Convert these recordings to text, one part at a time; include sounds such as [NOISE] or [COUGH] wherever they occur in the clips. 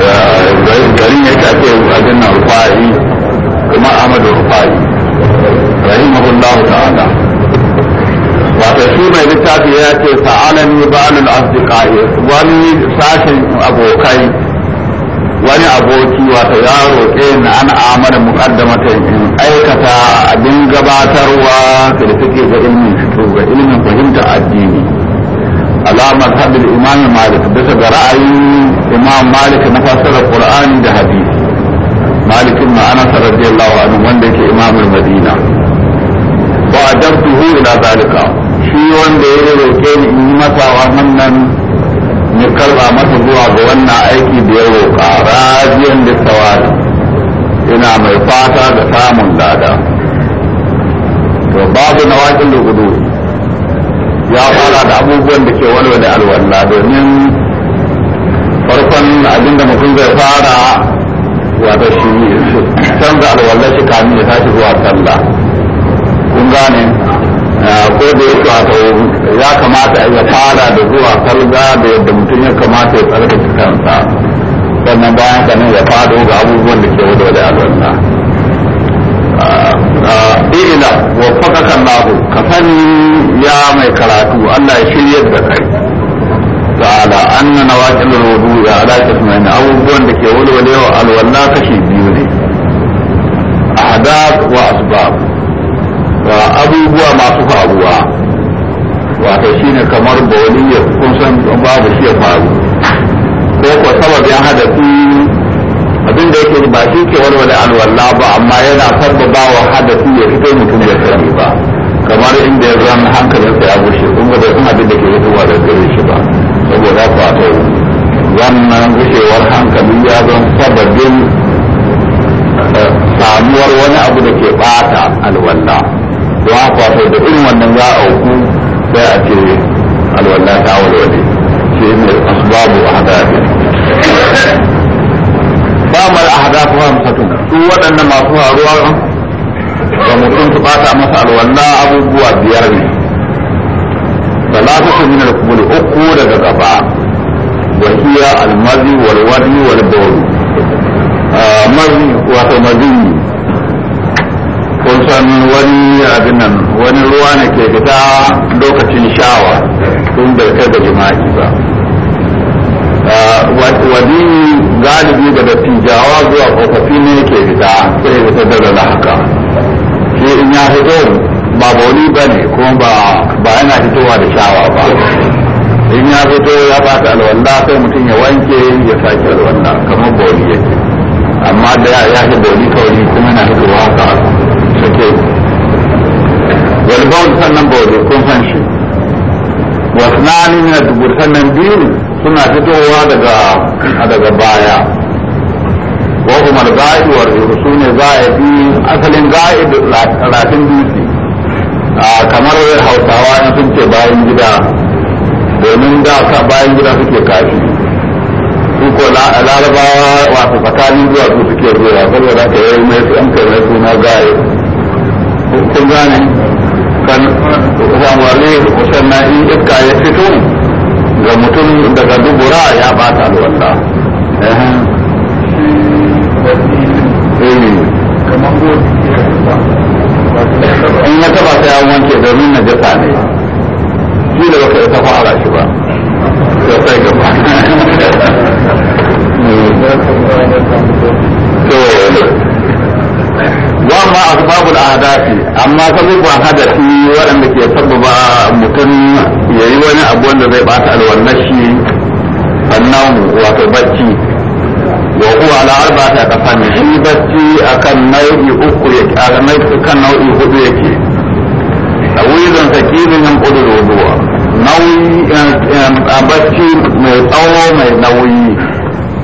garin yake ake abin nan rufa'i kuma ahmad rufa'i rahimahullah ta'ala wato shi mai littafi ya ce sa'alani ba'alul asdiqai wani sashen abokai wani aboki wato ya roƙe ni an amana muqaddamatan in aikata abin gabatarwa da take ga ilmin fito ga ilmin fahimta addini alamar hadin imam malik bisa ga ra'ayin imam malik na fasarar qur'ani da hadisi malikin ibn radiyallahu anhu wanda yake imamul madina wa ajabtuhu ila zalika shi wanda ya roke ni in yi masa wannan ni karba masa zuwa ga wannan aiki da ya roka rajiyan da tawali ina mai fata da samun lada to babu nawakin da gudu ya fara da abubuwan da ke walwale alwala domin farkon abinda mutum zai fara wato shi canza alwala shi kamin ya tashi zuwa sallah kun gane ko da yake wato ya kamata ya fara da zuwa salga da yadda mutum ya kamata ya tsarkake kansa sannan bayan kanin ya fado ga abubuwan da ke walwale alwala ila wa fakaka Allah ka sani ya mai karatu Allah ya shiryar da kai ta'ala anna nawaqil wudu ya ala kasmain abubuwan da ke walwale wa alwala kashi biyu ne ahdath wa asbab wa abubuwa masu faruwa wato shine kamar bawli ya kun san babu shi ya faru ko ko hadasi abin da yake ba shi ke warware alwala ba amma yana ba wa hadasi ya fito mutum ya sani ba kamar inda ya zama hankalinsa ya bushe kun ga bai san abin da ke fitowa da gare shi ba saboda ta to wannan gushewar hankali ya zama sababin eh, samuwar wani abu da ke bata alwala don haka da irin wannan za a uku sai a ce alwala ta walwale shi ne asbabu a hadari ba mal ahdathu hamsatun su waɗannan masu faruwa ba mutum su ta masa alwala abubuwa biyar ne da salatu min al-qubul uku daga kafa wa hiya al-mazi wal wadi wal bawl ah, mazi wato mazi kun san wani abin nan wani ruwa ne ke fita lokacin shawa tun bai kai da jima'i ba ah, wadi galibi da dattijawa zuwa tsofaffi ne ke fita sai ya fitar da haka shi in ya fito ba bauli ba ne kuma ba yana fitowa da shawa ba in ya fito ya bata alwanda sai mutum ya wanke ya sake alwanda kamar bauli yake amma da ya fi bauli kawai kuma yana fito haka Wani walbaul sannan bauli kun san shi wasu na dubu sannan biyu suna fitowa daga daga baya wa umar ga'id wa su ne ga'idi asalin ga'id latin dutse kamar hausawa na sun ce bayan gida domin da ka bayan gida suke kashi su ko larabawa wasu tsakanin zuwa su suke zuwa saboda ka yi mai su an kai mai suna ga'id kun gane kan wale na in iska ya fito ga mutum daga dubura ya bata alwala eh. in ya taba sai an wanke domin na jasa ne shi da baka ta fara shi ba sai gaba [LAUGHS] eh. to amma sabubban hadasi waɗanda ke sababa mutum ya yi wani abu wanda zai bata shi annan wato bacci wa huwa ala arba'ati aqsam shi bacci akan nau'i uku yake akan nau'i kan nau'i hudu yake tawilun nan kudu qudur wudu'a nauyi eh, eh, bacci mai tsawo mai nauyi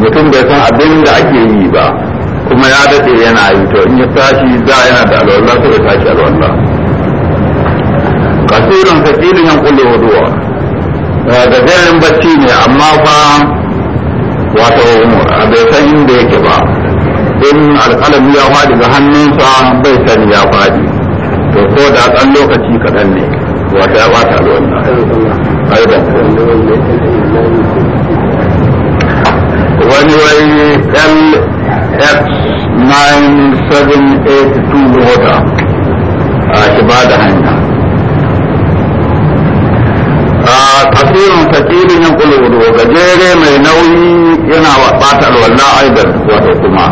mutum bai san abin da ake yi ba kuma ya daɗe yana yi to in ya tashi za yana da alwallah sai ya tashi alwallah kasirin sakilin yan kulle huduwa da jerin bacci ne amma fa wato a bai san inda yake ba in alƙalami ya faɗi ga hannunsa bai sani ya faɗi to ko da ɗan lokaci kaɗan ne wata ya ɓata alwallah wani wai ɗan F9782 Bogota a shiba da hanya. A ah, tasirin tasirin yin kulwudu gajere mai nauyi yana bata alwallah aidar wato kuma.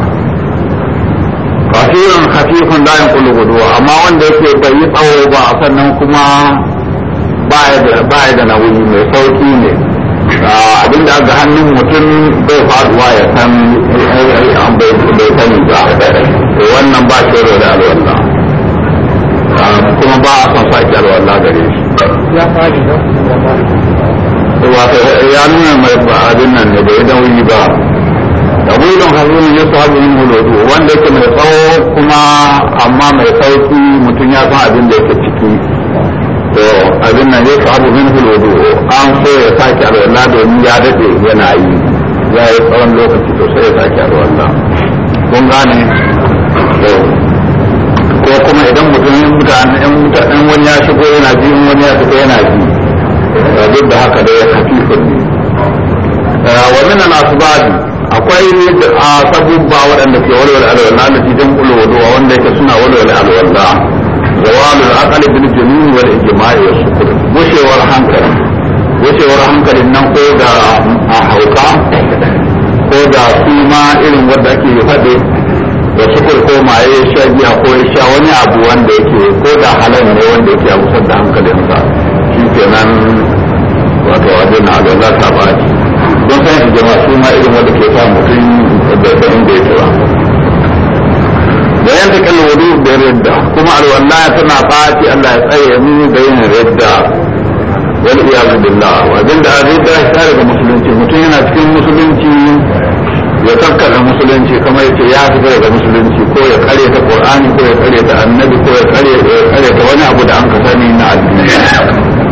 Tasirin hafifin layin kulwudu amma wanda yake bai yi tsawo ba sannan kuma baya da nauyi mai sauki ne. Ah, abin da ga hannun mutum bai faduwa ya san an bai sani ba wannan ba shi da alwallah ah, kuma ba a son sake alwallah gare shi ya fadi wato ya nuna mai abin nan da bai dan wuyi ba tawilun hazun ya sabu yin hulodu wanda yake mai tsawo kuma amma mai sauki mutum ya san abin da yake ciki to abin nan ya sabu min hulodu an so ya sake alwala domin ya daɗe yana yi ya yi tsawon lokaci to sai ya sake alwala kun gane ko kuma idan mutum mutane in mutane wani ya shigo yana ji in wani ya shigo yana ji duk da haka da ya hafifa a wa min al-asbabi akwai a sabubba waɗanda ke walwala alwala da jidan ulwudu wanda yake suna walwala alwala zawalul aqli bil jami' wal ijma'i wa shukr gushewar hankali gushewar hankalin nan ko da a hauka ko da kuma irin wanda ake faɗi da shukur ko ma maye sha giya ko ya sha wani abu wanda yake ko da halal ne wanda yake abusar da hankalinsa shi kenan wato wajen na alwala ta ba don san jama'a su ma irin wanda ke sa mutum da sanin da ya ba wa yanda da yadda kuma ya tana fati Allah ya tsaye mu da yin ridda wal iyad billah wa abinda ridda ta daga musulunci mutum yana cikin musulunci ya da musulunci kamar yace ya fita daga musulunci ko ya kare ta qur'ani ko ya kare ta annabi ko ya kare ta wani abu da an ka sani na addini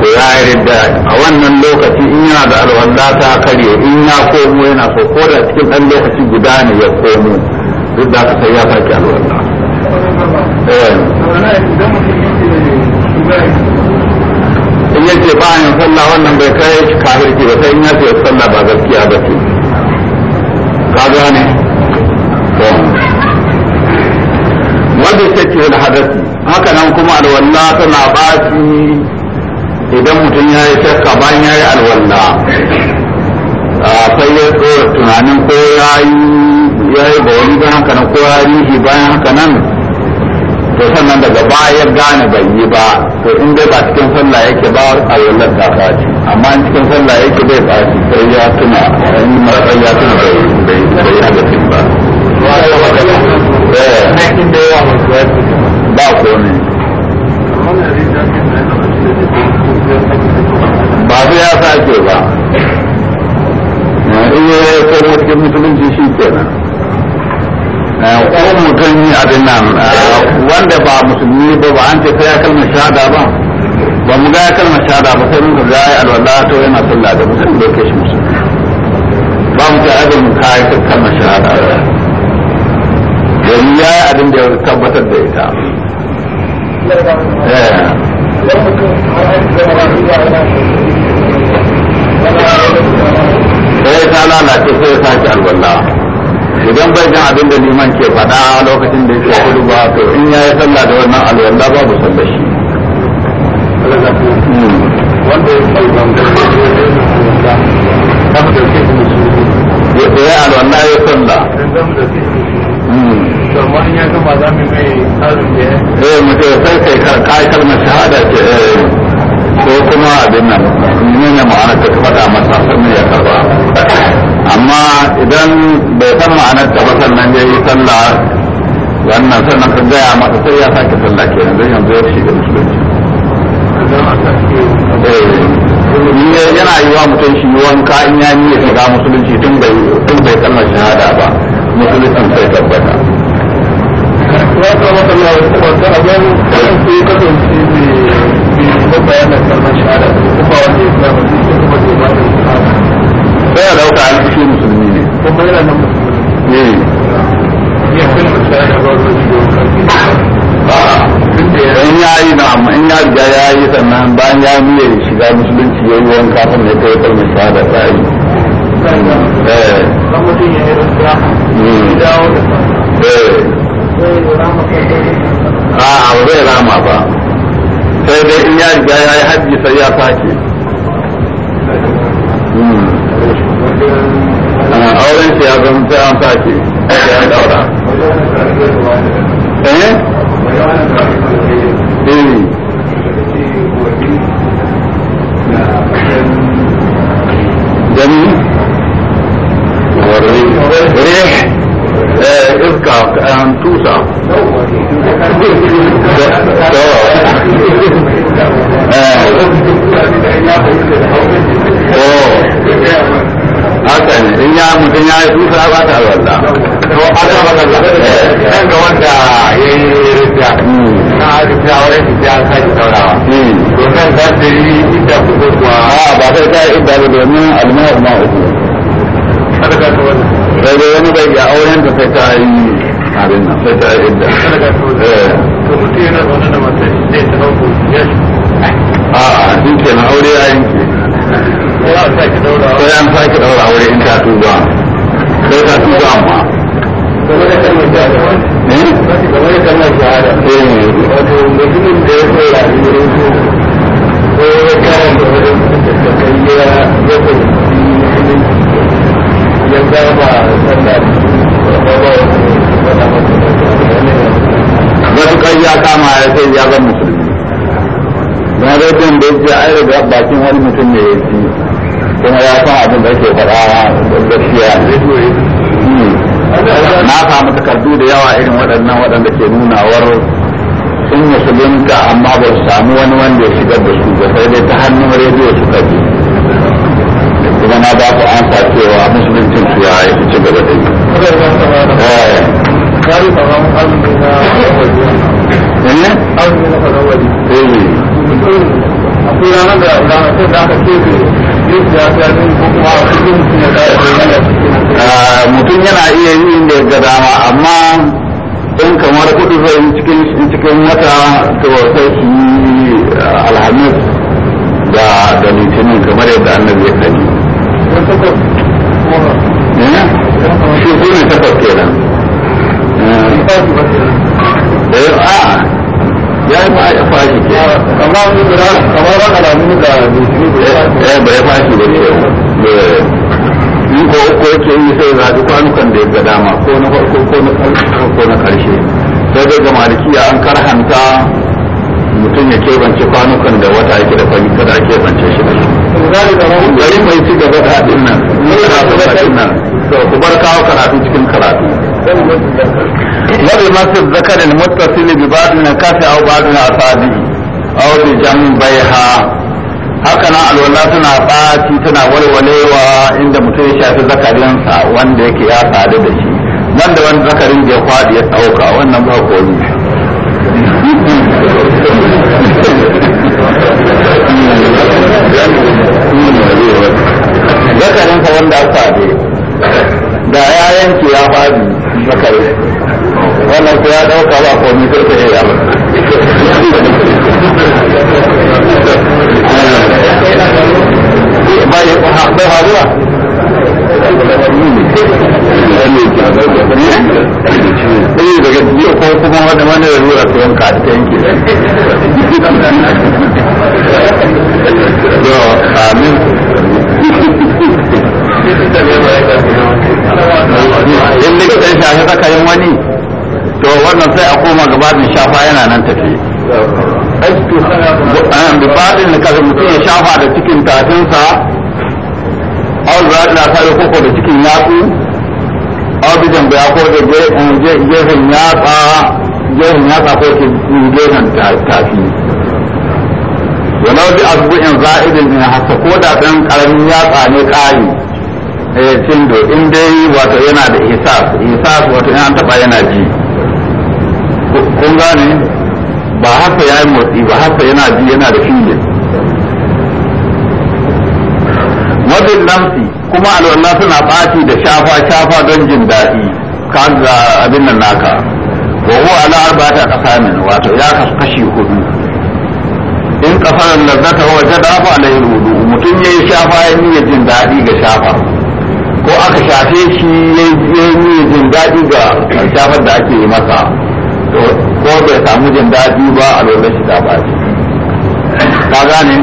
to ya ridda a wannan lokaci in yana da alwalla ta kare in ya komo yana so ko da cikin dan lokaci guda ne ya komo duk da aka sai ya sake Eh. in yace ba yin sallah wannan bai kai kafirki ba sai in yace sallah ba gaskiya ba ce ka gane wanda ta ce da hadasi haka nan kuma alwalla tana baci idan mutum ya yi shakka bayan ya yi alwalla ah, sai ya tsoro tunanin ko ya yi ba wani bayan haka nan ko ya yi bayan haka nan to sannan daga baya gane bai yi ba to in dai ba cikin sallah yake ba alwallar ta faci amma in cikin sallah yake bai faci sai ya tuna in mara ya tuna bai bai yi hadasin ba eh, ba ko ne ba su ya sake ba eh, in yi ya cikin musulunci shi kenan Eh, ko mutum abin nan eh, wanda ba musulmi ba ba an ce sai ya kalmar shahada ba ba mu ga ya kalmar shahada ba sai muka ga ya alwala to yana sallah da musulmi da ke shi musulmi ba mu ta abin kai ta kalmar shahada domin ya yi abin da ya tabbatar da ita eh. sai ta lalace sai ya sake alwala idan bai jin abin da liman ke faɗa lokacin da yake kudu ba to in ya yi sallah da wannan alwala babu sallar shi ya yi ya sallah hmm. ya gama mai tsarin da ya yi eh, mutu sai kai shahada ce eh, ko kuma abin nan ne ma'ana ta faɗa masa sannan ya karba amma idan bai san ma'anar ta ba nan ya yi sallah wannan sannan ka gaya masa sai ya sake sallah kenan zai yanzu ya shiga musulunci yana yi wa mutum shi wanka in ya ya shiga musulunci tun bai kalmar shahada ba musulunci sai tabbata ya ya abin kan su yi kasance kalmar shahada ko wanda ya ba da sai a dauka an fi musulmi ne kuma yana eh. ah. in ya yi na amma in ya riga ya yi sannan bayan ya miye shiga musulunci ya yi wani kafin da ya kai mai shahada ta yi eh. hmm. eh. a'a ba zai rama ba sai dai in ya riga ya yi hajji sai ya sake auren shi ya zama sai an sa shi ya daura eh جميل وريح اذكر ان توسع ya tusa ba ta alwala to ba dan ga wanda yayi na wurin sai to da ku kuwa a ba ta da ma uku kada ka to da wani bai auren ta sai ta yi abin nan sai ta eh. to mutum yana zaune da sai ta dauko ya a a aure ya ko an sake daura aure in ta tuba sai ka tuba amma game da kalmar ya kama ya sai ya zama musulmi na zai da ya ce bakin wani mutum ne ya ci kuma ya san abin da ake faɗa gaskiya hmm. na samu takardu da yawa irin waɗannan waɗanda ke nunawar sun musulunta amma ba su samu wani wanda ya shigar da su ba sai dai ta hannun rediyo suka bi kuma na ba ku an cewa musuluncin su ya yi ci gaba da yi. Eh. Eh. Akwai mutum yana iya yi inda ya ga dama amma in kamar kudu zai cikin cikin wata to sai su yi eh, alhamis da da litinin kamar yadda annabi ya kaji eh? shi kuma takwas kenan eh. Ah, ba ya mun da da ba ya fashi in ko ko yake yi sai na duk kwanukan da ya dama ko na farko ko na ko na karshe sai dai ga malikiya an karhanta mutum ya kebance kwanukan da wata yake da fari kada a kebance shi da shi gari mai ci gaba da haɗin nan ni karatu da ku bar kawo karatu cikin karatu ولمس الذكر المتصل ببعض النكاس او بعض الاصابع او بجنبيها alwala tana ɓaci tana walwalewa inda mutum ya shafi zakarinsa wanda yake ya sadu da shi wani zakarin da ya kwaɗi ya wannan ba zakarinsa wanda မကလေးဘာလို့ကြားတော့ကာလပေါ်ပြီးသိရရမလဲဘာလို့ဟာဘာလို့ဒီကဒီပေါ်ပေါ်မှာတမန်တွေရူရဆုံးကတ်တင်ကြည့်တယ်။တော့အာမင်။ in likita ya shafi sakayin wani to wannan sai a koma gabanin shafa yana nan tafi bi gabanin da kada mutum ya shafa da cikin tafinsa au za ta kare koko da cikin yatsu au bi jambaya ko da gefen um, yatsa gefen yatsa ko gefen tafi walau bi azbu'in za'idin in hasa ko da ɗan ƙaramin yatsa ne ƙari eh cindo in dai wato yana da hisab hisab wato yana taba yana ji kun gane ba haka ya yi motsi ba haka yana ji yana da fiye wadin lamsi kuma alwallah suna ɓaci da shafa shafa don jin daɗi ka ga abin nan naka wa huwa ala arba'ati qasamin wato ya kashi hudu in kasar lazzata wa jada fa alayhi mutum yayi shafa ya niyyar jin daɗi ga shafa ko aka shafe shi ya yi jin daɗi ga shafar da ake yi masa ko bai samu jin daɗi ba a lokacin shi ta baci ka gane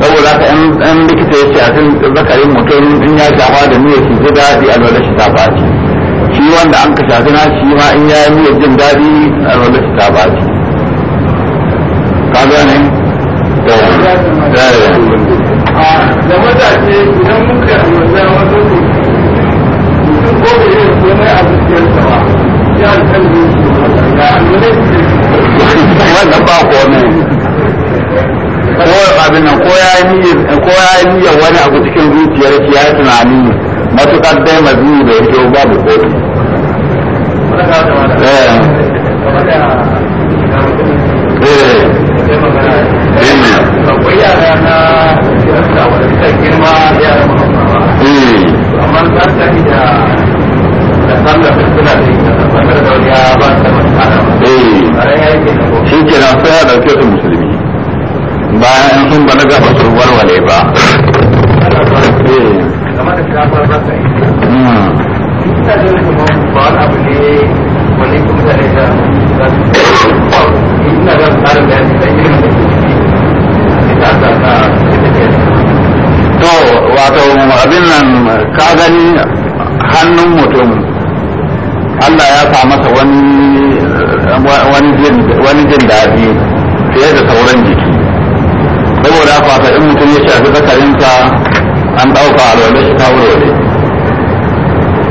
saboda ka yan likita ya shafi zakarin mutum in ya shafa da miyar shi ji daɗi a lokacin shi ta baci shi wanda an ka shafi na shi ma in ya yi miyar jin daɗi a lokacin shi ta baci ka gane eh. da da da mutane idan muka yi wasu ko abin nan ko ya yi ko ya yi wani abu cikin zuciyar ki ya tunani matukar dai mazuni bai abin nan ka gani hannun mutum Allah ya sa masa wani jin daɗi fiye da sauran jiki saboda haka in mutum ya shafi zakarinsa an ɗauka alwale shi ta wurare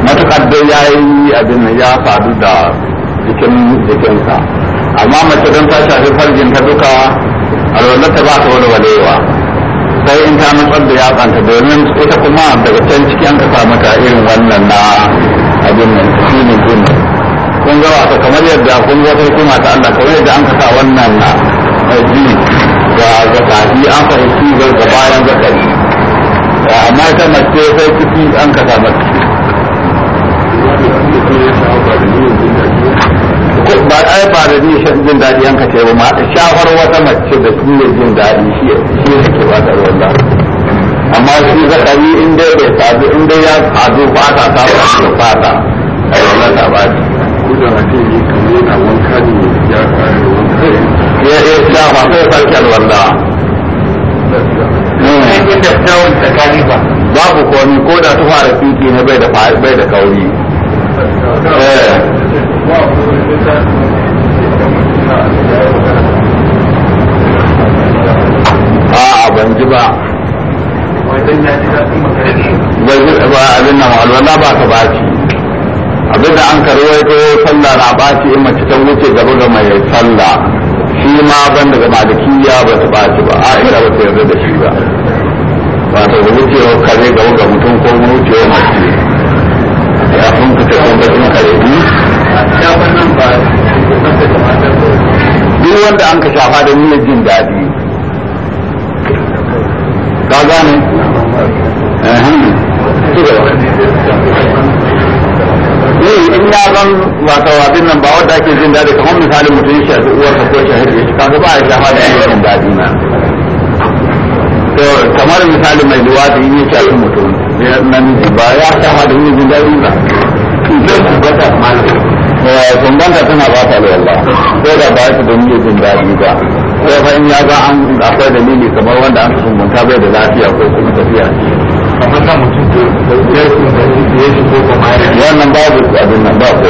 matuƙar dai ya yi abin ya sadu da jikin jikinsa amma mace don ta shafi farjin ta duka alwale ta ba ta wani walewa sai in ta nutsar da yatsanta domin ita kuma daga can ciki an ka samu ta irin wannan na abin nan shi ne kun kun ga wata kamar yadda kun ga sai kuma ta Allah kamar yadda an ka sa wannan na ji ga ga tafi an fahimci ga ga bayan zakari amma ta mace sai ciki an ka sa mata ba ai ba da ni shan jin daɗi an kace ba ma shafar wata mace da shi ne jin daɗi shi shi yake ba da wallah amma shi zakari in dai bai sadu in dai ya sadu ba ta samu da fata ai wannan ta ba shi ko da mace ne kamar yana wanka ne ya kare wanka ya ya shafa sai sarki alwallah hmm. inda tsawon tsakani ba babu komi ko da tufa da fiki ne bai da bai da kauri a'a ban ji ba ba abin nan ba ka baci abin da an sallah na baci in mace ta wuce gaba ga mai sallah shi ma ban daga malikiya ba ta baci ba a ina ba ta yarda da shi ba ba ta kare gaba ga mutum ko mace ya fita kare biyu بابا تھا میں تو مثال میں دینی چاہوں چاہیے جی بس مانگ kumbanta tana ba ta da yalla ko da ba shi don jin daɗi ba ko fa in ya ga an akwai dalili kamar wanda an kumbanta bai da lafiya ko kuma tafiya wannan babu abin nan ba ko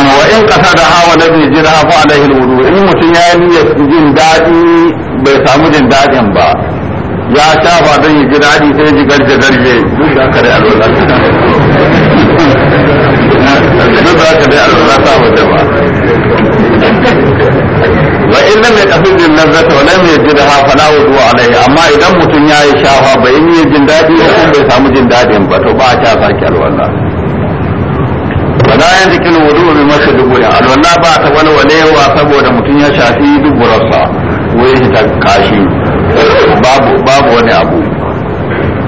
wa in kasa da hawa na bai jira fa alaihi alwudu in mutum ya yi niyyar jin daɗi bai samu jin daɗin ba ya shafa don yi jira daɗi sai ji garje garje duk da aka dai alwala duk da aka dai alwala ta waje ba wa in lam yaqsid bin nazata wa lam yajidha fala wudu alayhi amma idan mutum ya yi shafa bai yi jin daɗi ko bai samu jin daɗin ba to ba a ta sake alwala wala yanzikin wudu bi masa dubura alwala ba ta walwalewa saboda mutum ya shafi duburarsa wurin ta kashi wani abu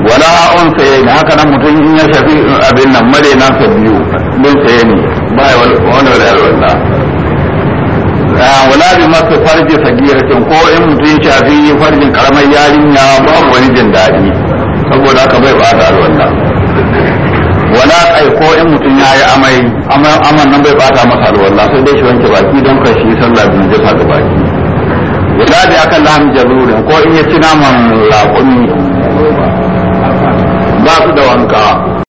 wala an saye ne haka nan mutum in ya shafi abin nan mare na sa biyu don saye ne ba ya wani wani alwala ah, wala bi masu farji sagiratin ko in mutum ya shafi farjin karamar yarinya ba wani jin daɗi saboda haka bai ba ta alwala wala kai ko in mutum ya yi amai aman nan bai bata masa alwala sai dai shi wanke baki don kashi sallah bin jasa ga baki zabi akan lamu jarurin ko in ya ci naman ba su da wanka